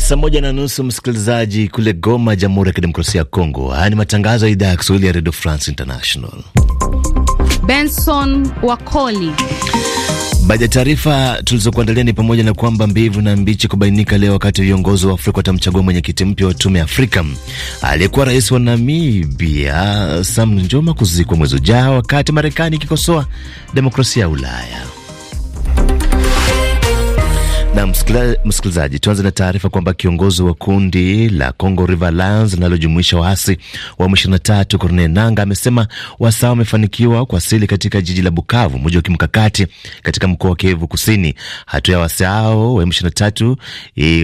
saa moja na nusu msikilizaji kule Goma, Jamhuri ya Kidemokrasia ya Kongo. Haya ni matangazo ya idhaa ya Kiswahili ya Redio France International. Benson Wakoli. Baadhi ya taarifa tulizokuandalia ni pamoja na kwamba mbivu na mbichi kubainika leo wakati viongozi wa Afrika watamchagua mwenyekiti mpya wa tume ya Afrika. Aliyekuwa rais wa Namibia Sam Nujoma kuzikwa mwezi ujao, wakati Marekani ikikosoa demokrasia ya Ulaya. Na msikilizaji, tuanze na taarifa kwamba kiongozi wa kundi la Congo River Alliance linalojumuisha waasi wa M23 Corneille Nangaa amesema wasaa wamefanikiwa kuwasili katika jiji la Bukavu, mji wa kimkakati katika mkoa wa Kivu Kusini. Hatua ya waasi hao wa M23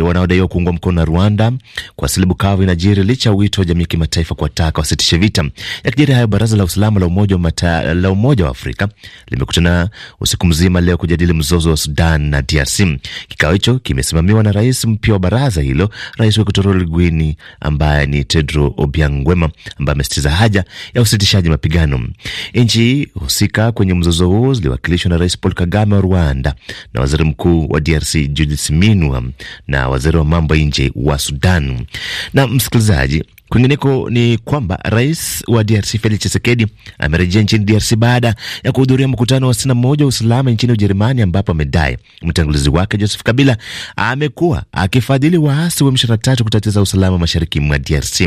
wanaodaiwa kuungwa mkono na Rwanda kuwasili Bukavu inajiri licha ya wito wa jamii ya kimataifa kuwataka wasitishe vita. Yakijiri hayo, baraza la usalama la Umoja wa, la Umoja wa Afrika limekutana usiku mzima leo kujadili mzozo wa Sudan na DRC. Kika Kikao hicho kimesimamiwa na rais mpya wa baraza hilo, rais wa Equatorial Guini ambaye ni Tedro Obiang Nguema, ambaye amesitiza haja ya usitishaji mapigano. Nchi husika kwenye mzozo huo ziliwakilishwa na rais Paul Kagame wa Rwanda na waziri mkuu wa DRC Judith Minwa na waziri wa mambo ya nje wa Sudan. Na msikilizaji Kwingineko ni kwamba rais wa DRC Felix Chisekedi amerejea nchini DRC baada ya kuhudhuria mkutano wa sitini na moja wa usalama nchini Ujerumani, ambapo amedai mtangulizi wake Joseph Kabila amekuwa akifadhili waasi wa M23 kutatiza usalama mashariki mwa DRC.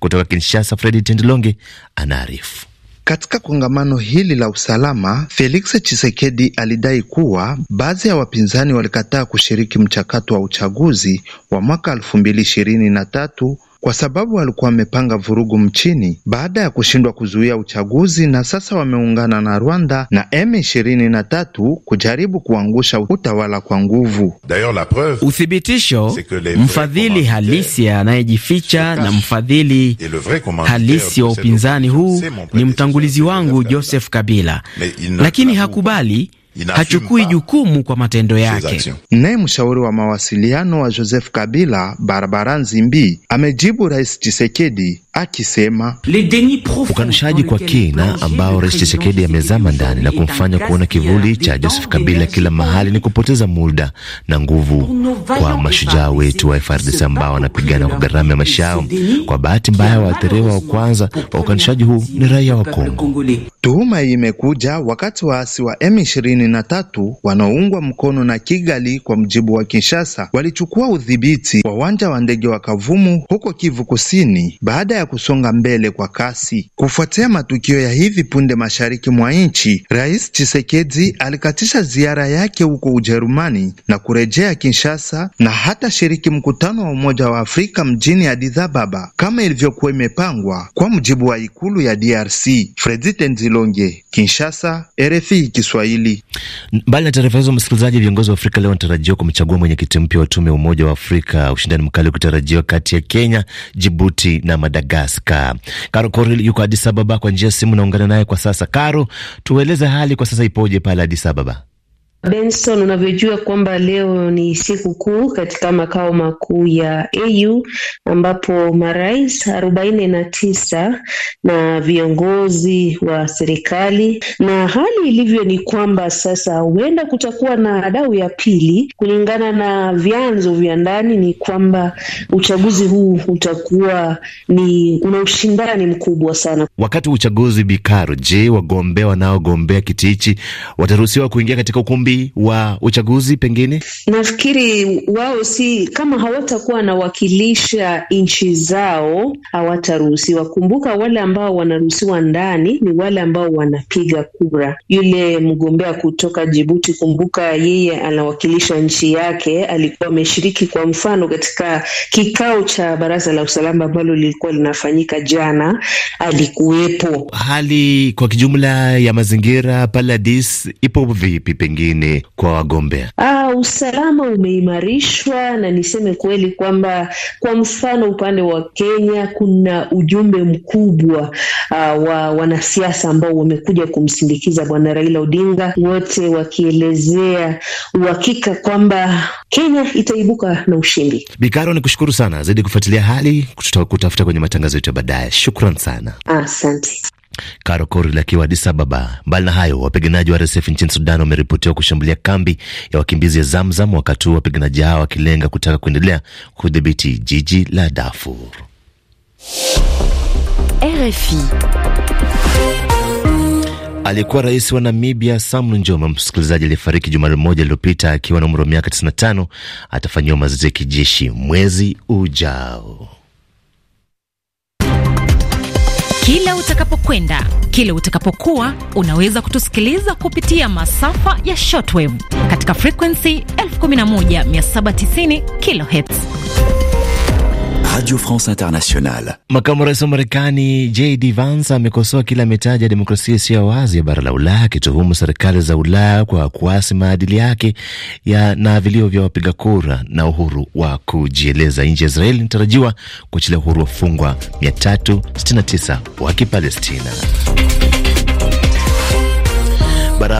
Kutoka Kinshasa, Fredi Tendilonge anaarifu. Katika kongamano hili la usalama, Felix Chisekedi alidai kuwa baadhi ya wapinzani walikataa kushiriki mchakato wa uchaguzi wa mwaka elfu mbili ishirini na tatu kwa sababu walikuwa wamepanga vurugu mchini baada ya kushindwa kuzuia uchaguzi na sasa wameungana na Rwanda na M23 kujaribu kuangusha utawala kwa nguvu. Uthibitisho, mfadhili halisi anayejificha na mfadhili halisi wa upinzani huu ni mtangulizi wangu Joseph Kabila, lakini hakubali hachukui jukumu kwa matendo yake. Naye mshauri wa mawasiliano wa Joseph Kabila barbara nzimbi amejibu Rais chisekedi akisema ukanushaji kwa kina ambao Rais chisekedi amezama ndani na kumfanya kuona kivuli cha Joseph Kabila kila mahali ni kupoteza muda na nguvu kwa mashujaa wetu wa FRDC ambao wanapigana kwa gharama ya maisha yao. Kwa bahati mbaya, waathiriwa wa kwanza wa ukanushaji huu ni raia wa Kongo. Tuhuma hii imekuja wakati waasi wa M23 wanaoungwa mkono na Kigali, kwa mjibu wa Kinshasa, walichukua udhibiti wa uwanja wa ndege wa Kavumu huko Kivu Kusini baada ya ya kusonga mbele kwa kasi. Kufuatia matukio ya hivi punde mashariki mwa nchi, Rais Tshisekedi alikatisha ziara yake huko Ujerumani na kurejea Kinshasa na hata shiriki mkutano wa Umoja wa Afrika mjini Addis Ababa kama ilivyokuwa imepangwa kwa mujibu wa ikulu ya DRC. Fredy Tenzilonge, Kinshasa, RFI Kiswahili. Mbali na taarifa hizo, msikilizaji, viongozi wa Afrika leo wanatarajiwa kumchagua mwenyekiti mpya wa tume ya Umoja wa Afrika, ushindani mkali ukitarajiwa kati ya Kenya, Jibuti na Madagascar. Madagaskar. Karo Koril yuko Adisababa kwa njia ya simu, naungana naye kwa sasa. Karo, tueleze hali kwa sasa ipoje pale Adisababa? Benson, unavyojua kwamba leo ni siku kuu katika makao makuu ya AU ambapo marais arobaini na tisa na viongozi wa serikali, na hali ilivyo ni kwamba sasa huenda kutakuwa na adau ya pili. Kulingana na vyanzo vya ndani, ni kwamba uchaguzi huu utakuwa ni una ushindani mkubwa sana. Wakati wa uchaguzi, Bikaro, je, wagombea wanaogombea kiti hichi wataruhusiwa kuingia katika ukumbi ushindi wa uchaguzi? Pengine nafikiri wao si kama hawatakuwa wanawakilisha nchi zao, hawataruhusiwa. Kumbuka wale ambao wanaruhusiwa ndani ni wale ambao wanapiga kura. Yule mgombea kutoka Jibuti, kumbuka yeye anawakilisha nchi yake, alikuwa ameshiriki kwa mfano katika kikao cha baraza la usalama ambalo lilikuwa linafanyika jana, alikuwepo. Hali kwa kijumla ya mazingira Paladis ipo vipi pengine wengine kwa wagombea? Ah, usalama umeimarishwa na niseme kweli kwamba kwa mfano upande wa Kenya kuna ujumbe mkubwa ah, wa wanasiasa ambao wamekuja kumsindikiza Bwana Raila Odinga, wote wakielezea uhakika kwamba Kenya itaibuka na ushindi. Bikaro, ni kushukuru sana zaidi kufuatilia hali, kutafuta kwenye matangazo yetu ya baadaye. Shukran sana, asante. Karo Koril akiwa Addis Ababa. Mbali na hayo, wapiganaji wa RSF nchini Sudan wameripotiwa kushambulia kambi ya wakimbizi ya Zamzam, wakati huu wapiganaji hao wakilenga kutaka kuendelea kudhibiti jiji la Darfur. RFI Aliyekuwa rais wa Namibia Sam Nujoma, msikilizaji, aliyefariki juma moja iliyopita akiwa na umri wa miaka 95, atafanyiwa mazoezi ya kijeshi mwezi ujao. Kila utakapokwenda, kila utakapokuwa, unaweza kutusikiliza kupitia masafa ya shortwave katika frequency 11790 kilohertz Radio France Internationale. Makamu rais wa Marekani JD Vance amekosoa kila ametaja demokrasia isiyo wazi ya bara la Ulaya, akituhumu serikali za Ulaya kwa kuasi maadili yake ya na vilio vya wapiga kura na uhuru wa kujieleza. Nchi ya Israeli inatarajiwa kuachilia uhuru wafungwa 369 wa Kipalestina.